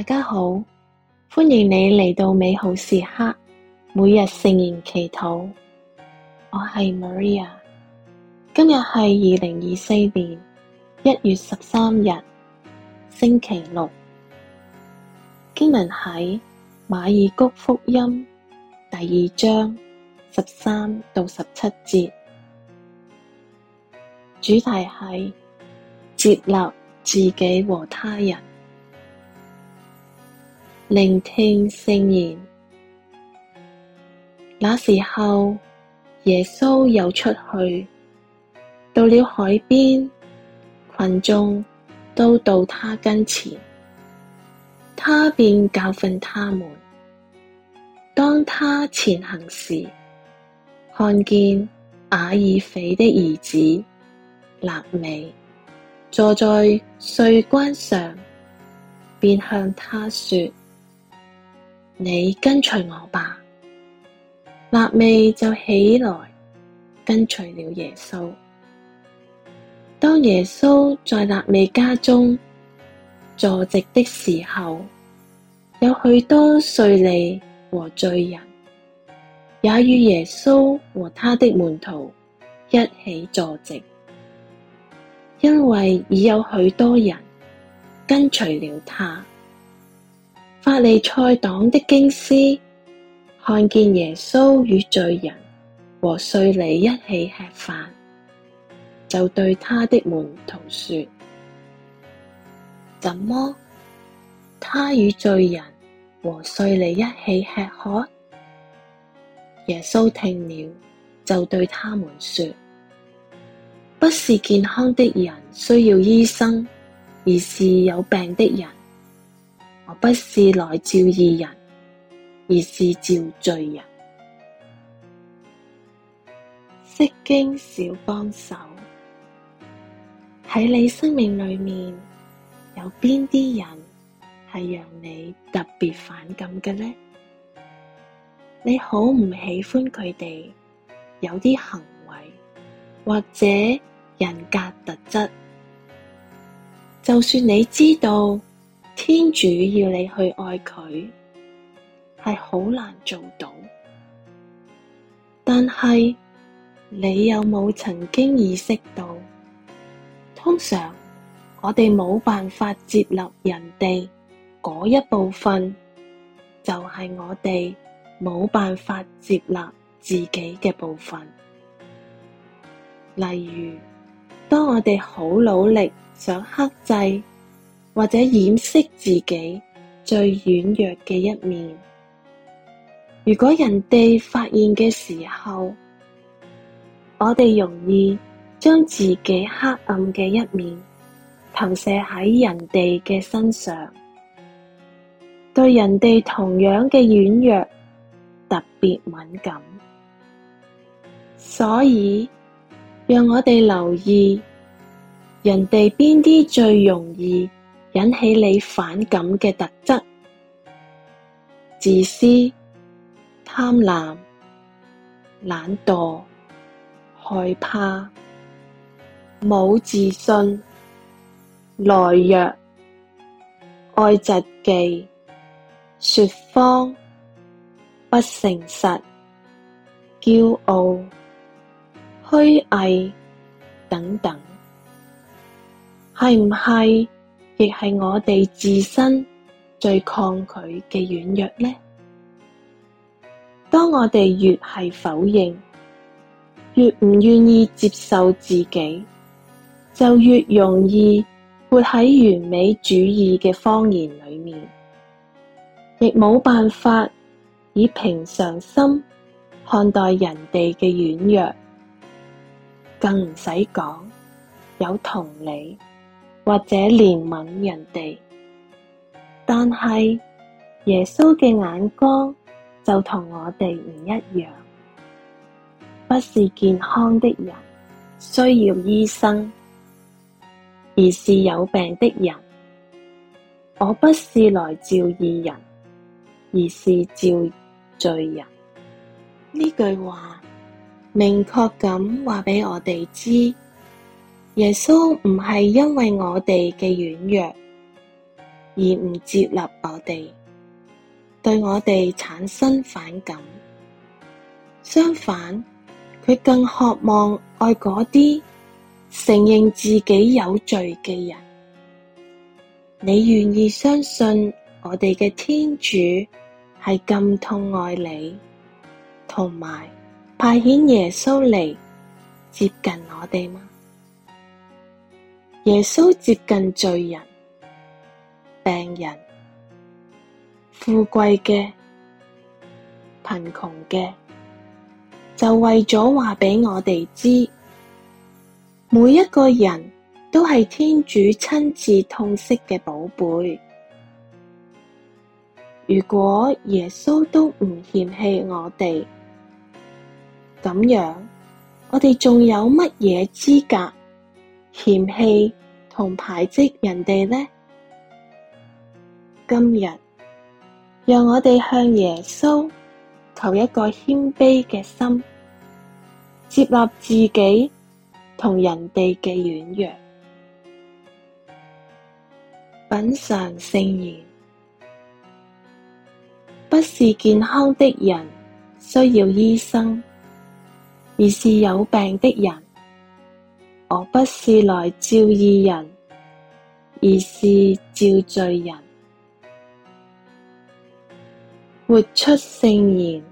大家好，歡迎你嚟到美好時刻，每日聖言祈禱。我係 Maria，今日係二零二四年一月十三日，星期六。經文喺馬爾谷福音第二章十三到十七節，主題係接納自己和他人。聆聽聖言。那時候，耶穌又出去，到了海邊，群眾都到他跟前，他便教訓他們。當他前行時，看見阿耳斐的兒子肋未坐在稅關上，便向他說。你跟隨我吧。肋未就起來跟隨了耶穌。當耶穌在肋未家中坐席的時候，有許多稅吏和罪人也與耶穌和他的門徒一起坐席，因為已有許多人跟隨了他。法利賽黨的經師看見耶穌與罪人和稅吏一起吃飯，就對他的門徒說：怎麼他與罪人和稅吏一起吃喝？耶穌聽了，就對他們說：不是健康的人需要醫生，而是有病的人。我不是來召義人，而是召罪人。釋經小幫手，喺你生命裏面有邊啲人係讓你特別反感嘅呢？你好唔喜歡佢哋有啲行為或者人格特質，就算你知道。天主要你去愛佢，係好難做到。但係你有冇曾經意識到，通常我哋冇辦法接納人哋嗰一部分，就係我哋冇辦法接納自己嘅部分。例如，當我哋好努力想克制。或者掩飾自己最軟弱嘅一面。如果人哋發現嘅時候，我哋容易將自己黑暗嘅一面投射喺人哋嘅身上，對人哋同樣嘅軟弱特別敏感。所以，讓我哋留意人哋邊啲最容易引起你反感嘅特質：自私、貪婪、懶惰、害怕、冇自信、懦弱、愛嫉妒、說謊、不誠實、驕傲、虛偽等等，係唔係亦係我哋自身最抗拒嘅軟弱呢？當我哋越係否認，越唔願意接受自己，就越容易活喺完美主義嘅謊言裏面，亦冇辦法以平常心看待人哋嘅軟弱，更唔使講有同理。或者憐憫人哋，但係耶穌嘅眼光就同我哋唔一樣。不是健康的人需要醫生，而是有病的人。我不是來召義人，而是召罪人。呢句話明確咁話俾我哋知。耶穌唔係因為我哋嘅軟弱而唔接納我哋，對我哋產生反感。相反，佢更渴望愛嗰啲承認自己有罪嘅人。你願意相信我哋嘅天主係咁痛愛你，同埋派遣耶穌嚟接近我哋嗎？耶穌接近罪人、病人、富貴嘅、貧窮嘅，就為咗話畀我哋知，每一個人都係天主親自痛惜嘅寶貝。如果耶穌都唔嫌棄我哋，咁樣我哋仲有乜嘢資格嫌棄同排擠人哋呢？今日讓我哋向耶穌求一個謙卑嘅心，接納自己同人哋嘅軟弱。品嚐聖言，不是健康的人需要醫生，而是有病的人。我不是來召義人，而是召罪人。活出聖言。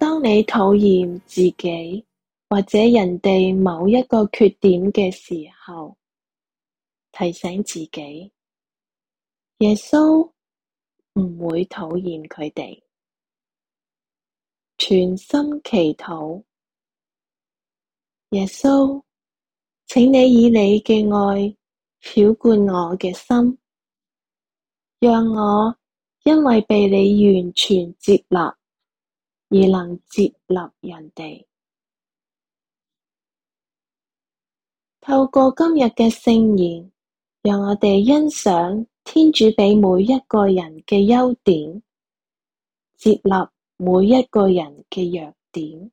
當你討厭自己或者人哋某一個缺點嘅時候，提醒自己，耶穌唔會討厭佢哋。全心祈禱。耶穌，請你以你嘅愛澆灌我嘅心，讓我因為被你完全接納而能接納人哋。透過今日嘅聖言，讓我哋欣賞天主畀每一個人嘅優點，接納每一個人嘅弱點。